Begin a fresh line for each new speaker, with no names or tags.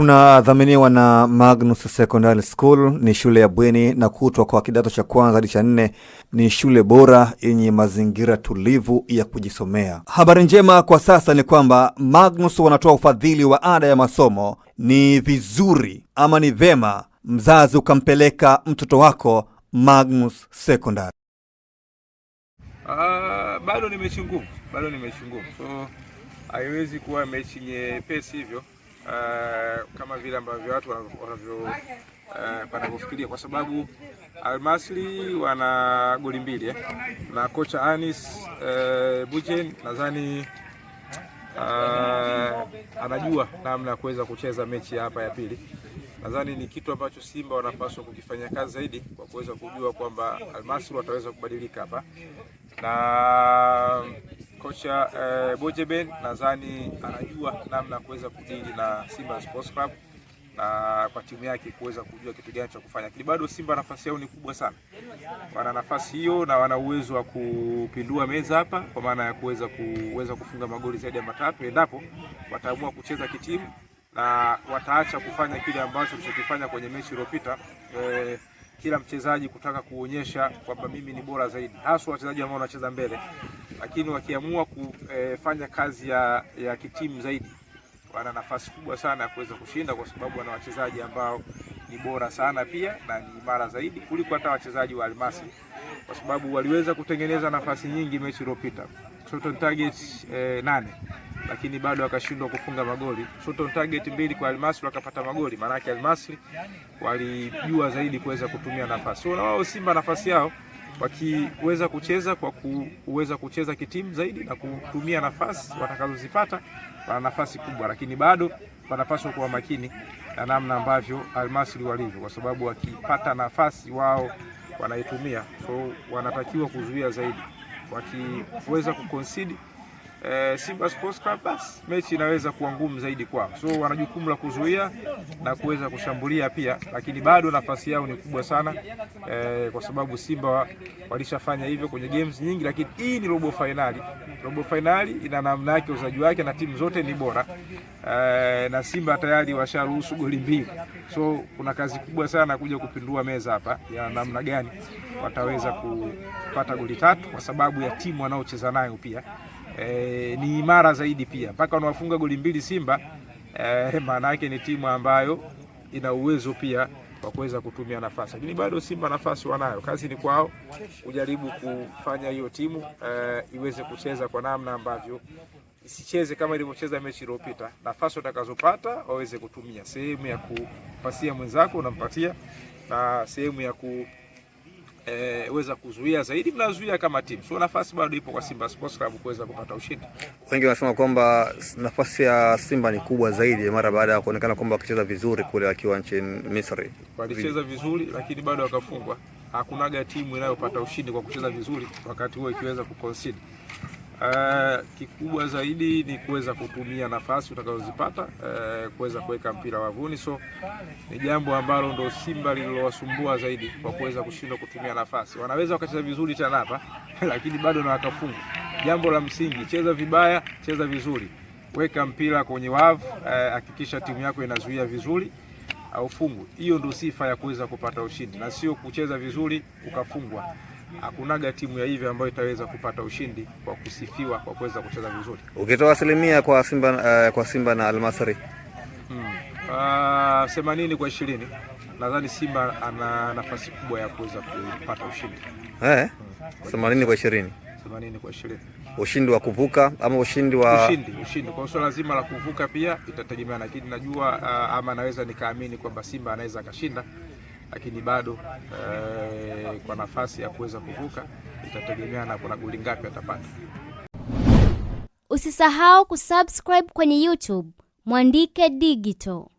Tunadhaminiwa na Magnus Secondary School. Ni shule ya bweni na kutwa kwa kidato cha kwanza hadi cha nne. Ni shule bora yenye mazingira tulivu ya kujisomea. Habari njema kwa sasa ni kwamba Magnus wanatoa ufadhili wa ada ya masomo. Ni vizuri ama ni vema mzazi ukampeleka mtoto wako Magnus Secondary.
Uh, bado nimechunguka, bado nimechunguka, so haiwezi kuwa mechi nyepesi hivyo. Eh, kama vile ambavyo watu wanavyo uh, wanavyofikiria kwa sababu Almasri wana goli mbili eh, na kocha Anis uh, eh, Buchen nadhani uh, anajua namna ya kuweza kucheza mechi hapa ya pili. Nadhani ni kitu ambacho Simba wanapaswa kukifanya kazi zaidi kwa kuweza kujua kwamba Almasri wataweza kubadilika hapa na Kocha eh, Bojeben nadhani anajua namna ya kuweza kudili na Simba Sports Club na kwa timu yake kuweza kujua kitu gani cha kufanya, lakini bado Simba nafasi yao ni kubwa sana, wana nafasi hiyo na wana uwezo wa kupindua meza hapa, kwa maana ya kuweza kuweza kufunga magoli zaidi ya matatu endapo wataamua kucheza kitimu na wataacha kufanya kile ambacho tulichokifanya kwenye mechi iliyopita eh, kila mchezaji kutaka kuonyesha kwamba mimi ni bora zaidi, haswa wachezaji ambao wanacheza mbele lakini wakiamua kufanya eh, kazi ya, ya kitimu zaidi wana nafasi kubwa sana ya kuweza kushinda, kwa sababu wana wachezaji ambao ni bora sana pia na ni imara zaidi kuliko hata wachezaji wa Almasi, kwa sababu waliweza kutengeneza nafasi nyingi mechi iliyopita, shot on target eh, nane, lakini bado wakashindwa kufunga magoli. Shot on target mbili kwa Almasi wakapata magoli, maanake Almasi walijua zaidi kuweza kutumia nafasi so, na wao Simba nafasi yao wakiweza kucheza kwa kuweza kucheza kitimu zaidi na kutumia nafasi watakazozipata, wana nafasi kubwa, lakini bado wanapaswa kuwa makini na namna ambavyo Almasri walivyo, kwa sababu wakipata nafasi wao wanaitumia, so wanatakiwa kuzuia zaidi, wakiweza kuconcede eh, Simba Sports Club, basi mechi inaweza kuwa ngumu zaidi kwao. So wana jukumu la kuzuia na kuweza kushambulia pia, lakini bado nafasi yao ni kubwa sana eh, kwa sababu Simba walishafanya hivyo kwenye games nyingi, lakini hii ni robo finali. Robo finali ina namna yake, uzaji wake, na timu zote ni bora eh, na Simba tayari washaruhusu goli mbili, so kuna kazi kubwa sana kuja kupindua meza hapa ya namna gani wataweza kupata goli tatu, kwa sababu ya timu wanaocheza nayo pia e, ni imara zaidi pia mpaka wanawafunga goli mbili Simba e, maana yake ni timu ambayo ina uwezo pia wa kuweza kutumia nafasi, lakini bado Simba nafasi wanayo. Kazi ni kwao kujaribu kufanya hiyo timu e, iweze kucheza kwa namna ambavyo isicheze kama ilivyocheza mechi iliyopita. Nafasi utakazopata waweze kutumia, sehemu ya kupasia mwenzako unampatia, na sehemu ya ku weza kuzuia zaidi, mnazuia kama timu. So nafasi bado ipo kwa Simba Sports Club kuweza kupata ushindi.
Wengi wanasema kwamba nafasi ya Simba ni kubwa zaidi mara baada ya kuonekana kwamba wakicheza vizuri kule wakiwa nchini Misri.
Walicheza vizuri lakini bado wakafungwa. Hakunaga timu inayopata ushindi kwa kucheza vizuri wakati huo ikiweza kuconcede. Uh, kikubwa zaidi ni kuweza kutumia nafasi utakazozipata, uh, kuweza kuweka mpira wavuni. So ni jambo ambalo ndo Simba lililowasumbua zaidi kwa kuweza kushindwa kutumia nafasi. Wanaweza wakacheza vizuri tena hapa lakini bado na wakafunga. Jambo la msingi, cheza vibaya, cheza vizuri, weka mpira kwenye wavu, eh, hakikisha uh, timu yako inazuia vizuri au Hiyo ndo sifa ya kuweza kupata ushindi na sio kucheza vizuri ukafungwa hakunaga timu ya hivi ambayo itaweza kupata ushindi kwa kusifiwa kwa kuweza kucheza vizuri.
Ukitoa asilimia kwa Simba, uh, kwa Simba na Almasri
themanini hmm, uh, kwa ishirini nadhani Simba ana nafasi kubwa ya kuweza kupata ushindi
themanini eh? kwa ishirini kwa ishirini ushindi wa kuvuka ama ushindi wa
ushindi, ushindi. Kwa swala zima la kuvuka pia itategemea, lakini najua uh, ama naweza nikaamini kwamba Simba anaweza akashinda lakini bado eh, kwa nafasi ya kuweza kuvuka itategemea na kuna goli ngapi atapata. Usisahau kusubscribe kwenye YouTube Mwandike Digital.